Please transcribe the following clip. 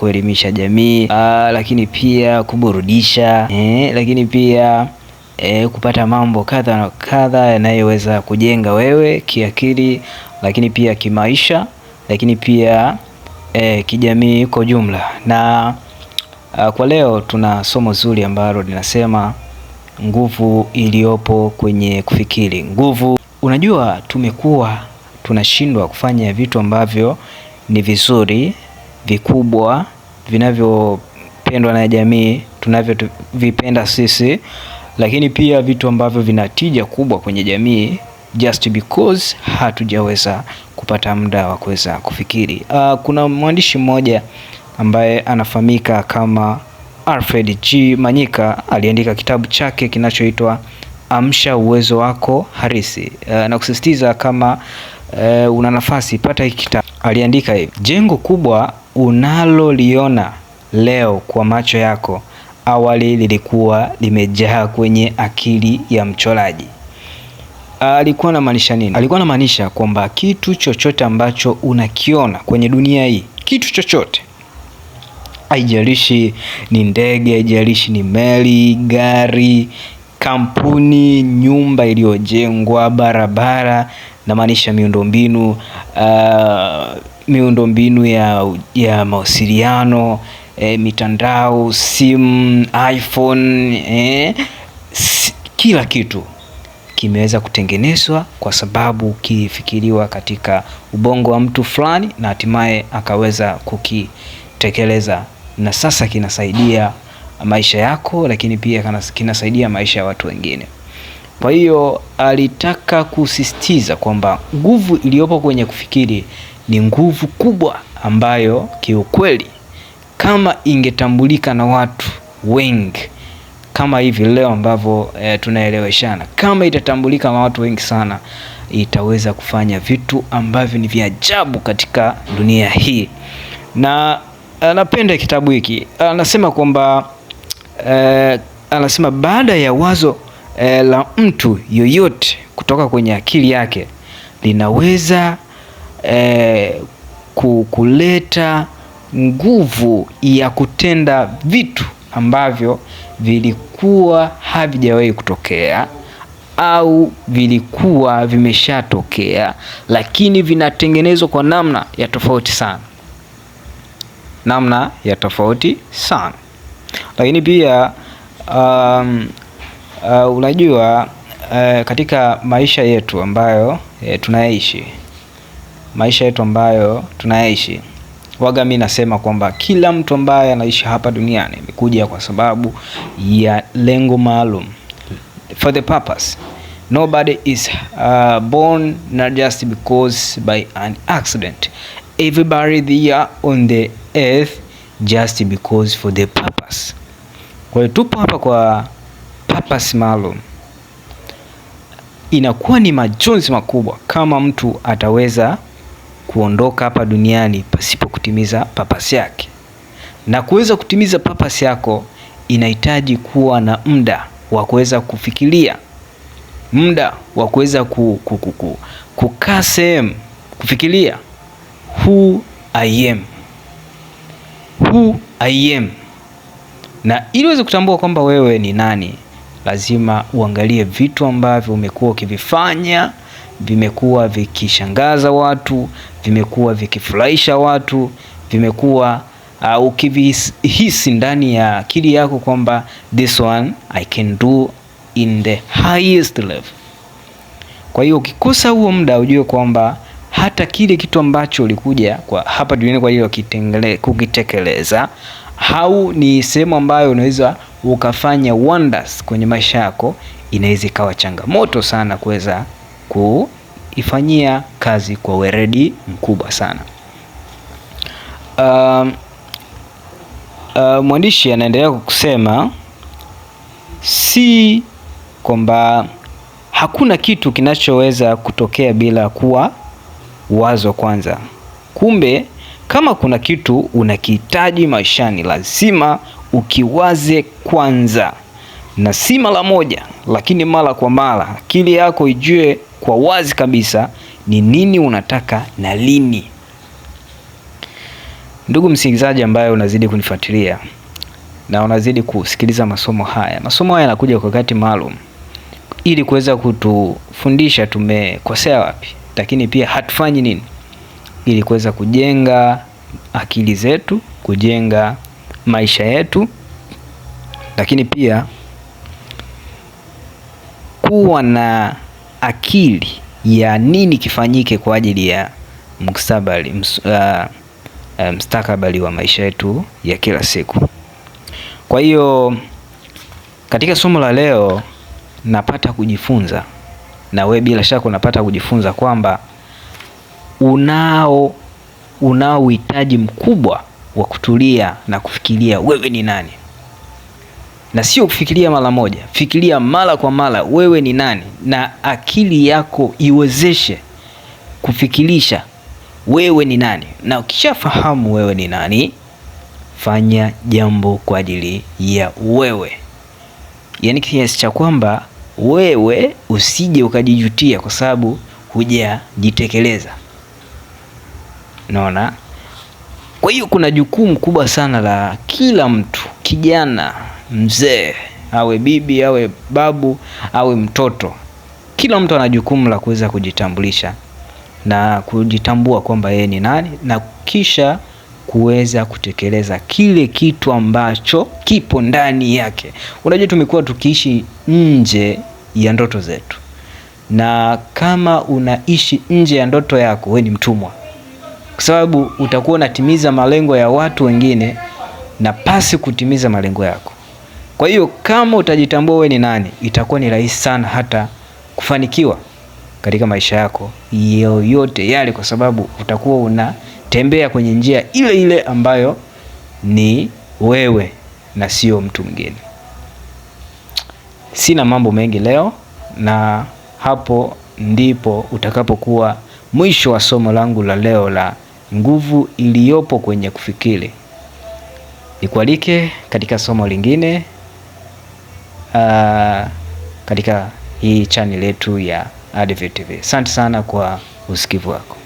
kuelimisha jamii aa, ah, lakini pia kuburudisha eh, lakini pia eh, kupata mambo kadha na kadha yanayoweza kujenga wewe kiakili, lakini pia kimaisha, lakini pia eh, kijamii kwa jumla. Na aa, ah, kwa leo tuna somo zuri ambalo linasema nguvu iliyopo kwenye kufikiri. Nguvu, unajua tumekuwa tunashindwa kufanya vitu ambavyo ni vizuri vikubwa vinavyopendwa na jamii tunavyovipenda sisi, lakini pia vitu ambavyo vina tija kubwa kwenye jamii just because hatujaweza kupata muda wa kuweza kufikiri. Uh, kuna mwandishi mmoja ambaye anafahamika kama Alfred G Manyika aliandika kitabu chake kinachoitwa Amsha Uwezo Wako harisi Uh, na kusisitiza kama uh, una nafasi pata hiki kitabu. Aliandika hivi: jengo kubwa unaloliona leo kwa macho yako awali lilikuwa limejaa kwenye akili ya mchoraji. Alikuwa anamaanisha nini? Alikuwa anamaanisha kwamba kitu chochote ambacho unakiona kwenye dunia hii, kitu chochote, haijalishi ni ndege, haijalishi ni meli, gari, kampuni, nyumba iliyojengwa, barabara, namaanisha miundombinu uh, miundombinu ya, ya mawasiliano e, mitandao, simu, iPhone e, kila kitu kimeweza kutengenezwa kwa sababu kilifikiriwa katika ubongo wa mtu fulani na hatimaye akaweza kukitekeleza, na sasa kinasaidia maisha yako, lakini pia kinasaidia maisha ya watu wengine. Kwa hiyo alitaka kusisitiza kwamba nguvu iliyopo kwenye kufikiri ni nguvu kubwa ambayo kiukweli kama ingetambulika na watu wengi kama hivi leo ambavyo e, tunaeleweshana, kama itatambulika na watu wengi sana, itaweza kufanya vitu ambavyo ni vya ajabu katika dunia hii. Na anapenda eh, kitabu hiki, eh, anasema kwamba e, anasema baada ya wazo e, la mtu yoyote kutoka kwenye akili yake linaweza eh, kuleta nguvu ya kutenda vitu ambavyo vilikuwa havijawahi kutokea au vilikuwa vimeshatokea lakini vinatengenezwa kwa namna ya tofauti sana, namna ya tofauti sana. Lakini pia um, uh, unajua uh, katika maisha yetu ambayo uh, eh, tunayaishi maisha yetu ambayo tunayaishi. Waga mi nasema kwamba kila mtu ambaye anaishi hapa duniani amekuja kwa sababu ya lengo maalum, for the purpose. Nobody is uh, born not just because by an accident. Everybody there on the earth just because for the purpose. Kwa hiyo tupo hapa kwa purpose maalum. Inakuwa ni majonzi makubwa kama mtu ataweza kuondoka hapa duniani pasipo kutimiza papasi yake. Na kuweza kutimiza papasi yako inahitaji kuwa na muda wa kuweza kufikiria, muda wa kuweza ku, ku, ku, ku, kukaa sehemu kufikiria who I am, who I am. Na ili uweze kutambua kwamba wewe ni nani, lazima uangalie vitu ambavyo umekuwa ukivifanya vimekuwa vikishangaza watu, vimekuwa vikifurahisha watu, vimekuwa uh, ukivihisi ndani ya akili yako kwamba this one I can do in the highest level. Kwa hiyo ukikosa huo muda ujue kwamba hata kile kitu ambacho ulikuja kwa hapa duniani kwa ajili ya kukitekeleza au ni sehemu ambayo unaweza ukafanya wonders kwenye maisha yako, inaweza ikawa changamoto sana kuweza ku ifanyia kazi kwa weredi mkubwa sana. Um, uh, mwandishi anaendelea kusema si kwamba hakuna kitu kinachoweza kutokea bila kuwa wazo kwanza. Kumbe kama kuna kitu unakihitaji maishani, lazima ukiwaze kwanza, na si mara moja, lakini mara kwa mara. Akili yako ijue kwa wazi kabisa ni nini unataka na lini. Ndugu msikilizaji ambaye unazidi kunifuatilia na unazidi kusikiliza masomo haya, masomo haya yanakuja kwa wakati maalum ili kuweza kutufundisha tumekosea wapi, lakini pia hatufanyi nini ili kuweza kujenga akili zetu, kujenga maisha yetu, lakini pia kuwa na akili ya nini kifanyike kwa ajili ya mustakabali ms, uh, uh mustakabali wa maisha yetu ya kila siku. Kwa hiyo katika somo la leo napata kujifunza na we bila shaka unapata kujifunza kwamba unao unao uhitaji mkubwa wa kutulia na kufikiria wewe ni nani na sio kufikiria mara moja, fikiria mara kwa mara, wewe ni nani, na akili yako iwezeshe kufikirisha wewe ni nani, na ukishafahamu wewe ni nani, fanya jambo kwa ajili ya wewe, yaani kiasi cha kwamba wewe usije ukajijutia kwa sababu hujajitekeleza. Naona, kwa hiyo kuna jukumu kubwa sana la kila mtu kijana mzee, awe bibi, awe babu, awe mtoto, kila mtu ana jukumu la kuweza kujitambulisha na kujitambua kwamba yeye ni nani, na kisha kuweza kutekeleza kile kitu ambacho kipo ndani yake. Unajua, tumekuwa tukiishi nje ya ndoto zetu, na kama unaishi nje ya ndoto yako, wewe ni mtumwa, kwa sababu utakuwa unatimiza malengo ya watu wengine na pasi kutimiza malengo yako. Kwa hiyo kama utajitambua wewe ni nani, itakuwa ni rahisi sana hata kufanikiwa katika maisha yako yoyote yale, kwa sababu utakuwa unatembea kwenye njia ile ile ambayo ni wewe na sio mtu mwingine. Sina mambo mengi leo, na hapo ndipo utakapokuwa mwisho wa somo langu la leo la nguvu iliyopo kwenye kufikiri. Nikualike katika somo lingine uh, katika hii channel yetu ya TV. Asante sana kwa usikivu wako.